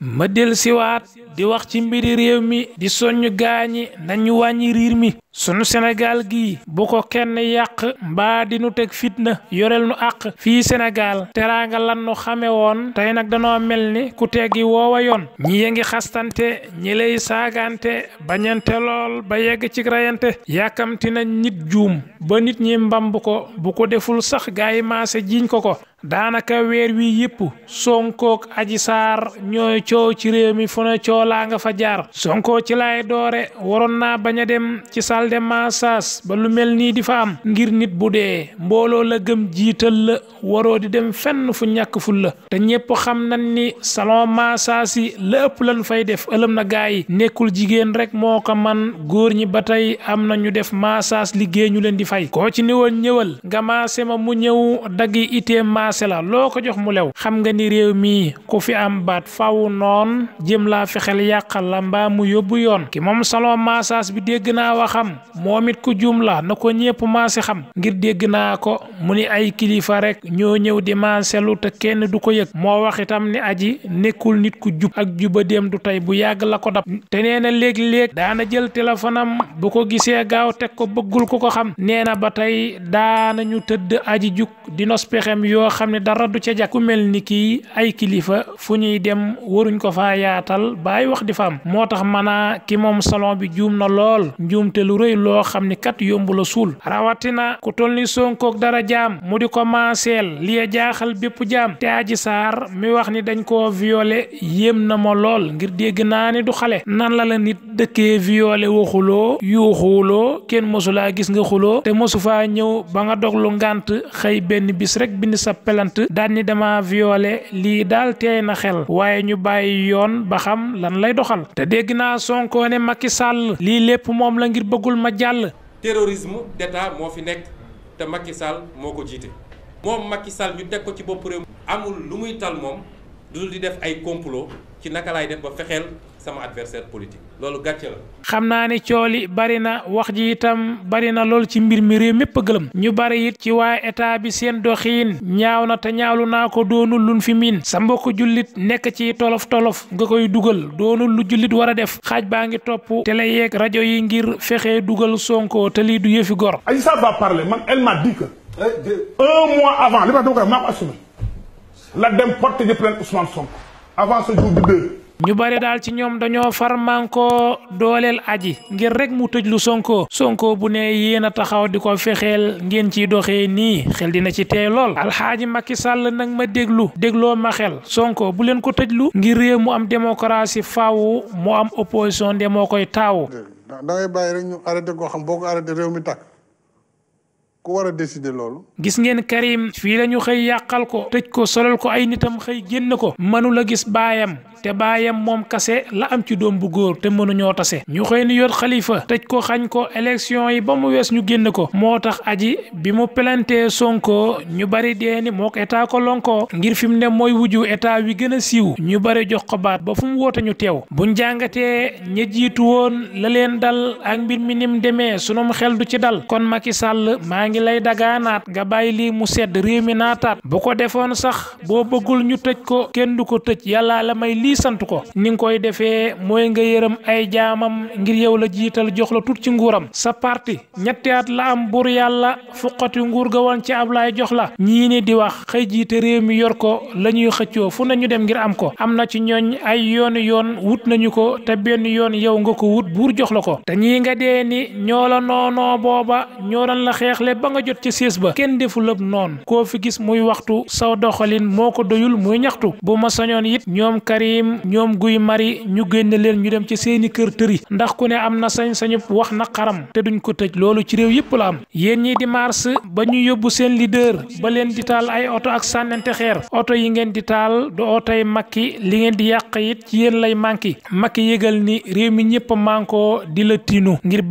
ma del siwaat di wax ci mbiri réew mi di soññ gaañi nañu wàññi riir mi sunu Sénégal gi bu ko kenn yàq mbaa di nu teg fitna yoreel nu àq fii Sénégal teraanga lan nu xame woon tey nag danoo mel ni ku teggi woowa yoon ñi ya ngi xastante ñi lay saagante bañante lool ba yegg ci rayante yàkkamti nañ nit juum ba nit ñi mbamb ko bu ko deful sax gaay maase jiiñ ko ko daanaka weer wi yëpp sonkook aji saar ñooy coow ci réew mi fu ne coow laa nga fa jaar sonko ci lay doore waroon naa bañ a dem ci salle de ba lu mel nii di fa am ngir nit bu dee mbooloo la gëm jiital la waroo di dem fenn fu ñàkk ful la te ñépp xam nañ ni salon massage yi la ëpp lan fay def ëlëm na gaa yi nekkul jigéen rek moo ko man góor ñi ba tey am na ñu def massage liggéey ñu leen di fay koo ci ni ñëwal nga maase ma mu ñëw daggi itee massage forcé loo ko jox mu lew xam nga ni réew mii ku fi am baat faw noon jëm laa fexel yàqal la mbaa mu yóbbu yoon ki moom salon massage bi dégg naa waxam moom it ku juum la na ko ñépp maase xam ngir dégg naa ko mu ni ay kilifa rek ñoo ñëw di maaselu te kenn du ko yëg moo wax itam ni aji nekkul nit ku jub ak juba dem du tey bu yàgg la ko dab te nee na léeg-léeg daana jël téléphone bu ko gisee gaaw teg ko bëggul ku ko xam nee na ba tey daana ñu tëdd aji jug di xam ne dara du ca jàkk ku mel ni kii ay kilifa fu ñuy dem waruñ ko faa yaatal baay wax di fam moo tax mana ki moom salon bi juum na lool njuumte lu rëy loo xam ni kat yomb la suul rawatina ku toll ni sonkook dara jaam mu di ko maaseel li jaaxal bépp jaam te aji saar mi wax ni dañ koo violé yéem na ma lool ngir dégg naa ni du xale nan la la nit dëkkee violé waxuloo yuuxuloo kenn mosulaa gis nga xuloo te mësu fa ñëw ba nga dog lu ngànt xëy benn bis rek bind sap plainte daan ni dama violé lii daal teey na xel waaye ñu bàyyi yoon ba xam lan lay doxal te dégg naa Sonko makki sàll lii lépp moom la ngir bëggul ma jàll. terrorisme d'état moo fi nekk te Macky Sall moo ko jiite moom Macky Sall ñu teg ko ci bopp réew amul lu muy tal moom du di def ay complot ci naka lay def ba fexeel. sama adversaire loolu gàcce xam naa ne cooli bari na wax ji itam bari na lool ci mbir mi réew mépp gëlëm ñu bari it ci waa état bi seen doxiin ñaaw na te ñaawlu naa ko doonul luñ fi miin sa mbokku jullit nekk ci tolof tolof nga koy dugal doonul lu jullit war a def xaaj baa ngi topp te la yeeg rajo yi ngir fexe dugal Sonko te lii du yëfi gor. Adji Sarr va parler man elle m'a un mois avant ma dama koy la dem porte ji plainte Ousmane Sonko avant ce jour du deux. ñu bare daal ci ñoom dañoo farmankoo dooleel aji ngir rek mu tëjlu Sonko Sonko bu ne yéen a taxaw di ko fexeel ngeen ciy doxee nii xel dina ci teey lool alxaaji Macky sàll nag ma déglu dégloo ma xel Sonko bu leen ko tëjlu ngir réew mu am démocratie faaw mu am opposition de moo koy taawu. da ngay bàyyi rek ku war a gis ngeen Karim. fii la ñu xëy yàqal ko. tëj ko solal ko ay nitam xëy génn ko. mënu la gis baayam. te baayam moom kase la am ci doom bu góor te mënuñoo tase ñu xëy ni yoot xalifa tëj ko xañ ko élection yi ba mu wees ñu génn ko moo tax aji bi mu plante Sonko ñu bari dee ni moo ko état ko lonkoo ngir fi mu ne mooy wuju état wi gën a siiw ñu bari jox ko baat ba fu mu woote ñu teew buñ jàngatee ña jiitu woon la leen dal ak mbir mi nim demee sunum xel du ci dal ngi lay dagaanaat nga bàyyi lii mu sedd réew mi naataat bu ko defoon sax boo bëggul ñu tëj ko kenn du ko tëj yàllaa la may lii sant ko ni nga koy defee mooy nga yërëm ay jaamam ngir yow la jiital jox la tut ci nguuram sa parti ñetti at la am buur yàlla fuqati nguur ga woon ci Ablaay jox la ñii nii di wax xëy jiite réew mi yor ko la ñuy xëccoo fu nañu dem ngir am ko am na ci ñooñ ay yoon yoon wut nañu ko te benn yoon yow nga ko wut buur jox la ko te ñii nga dee ba nga jot ci siis ba kenn deful ab noonu koo fi gis muy waxtu saw doxalin moo ko doyul muy ñaxtu bu ma sañoon it ñoom Karim ñoom Guy Mari ñu génne leen ñu dem ci seeni kër tëri ndax ku ne am na sañ-sañu wax na xaram te duñ ko tëj loolu ci réew yëpp la am yéen ñi di mars ba ñu yóbbu seen leader ba leen di taal ay oto ak sànnante xeer oto yi ngeen di taal du otoy makki li ngeen di yàq it ci yéen lay manki makki yëgal ni réew mi ñëpp a mànkoo di la tiinu ngir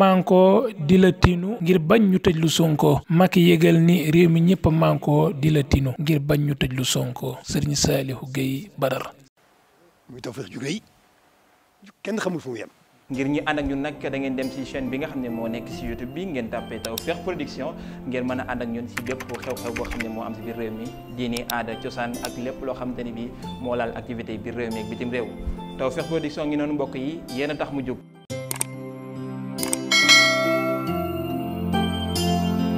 mànkoo di la tinu ngir bañ ñu tëj lu Sonko Macky yëgal ni réew mi ñëpp a mànkoo di la tinu ngir bañ ñu tëj lu Sonko Serigne Saliou Gueye Badar. muy kenn xamul fu mu yem. ngir ñi ànd ak ñun nag da ngeen dem ci chaine bi nga xam ne moo nekk ci YouTube bi ngeen tàppee Tawfekh Production ngeen mën a ànd ak ñun ci bépp xew-xew boo xam ne moo am ci biir réew mi diini aada cosaan ak lépp loo xamante ni bi moo laal activité biir réew mi ak bitim réew Tawfekh Production ngi noonu mbokk yi yéen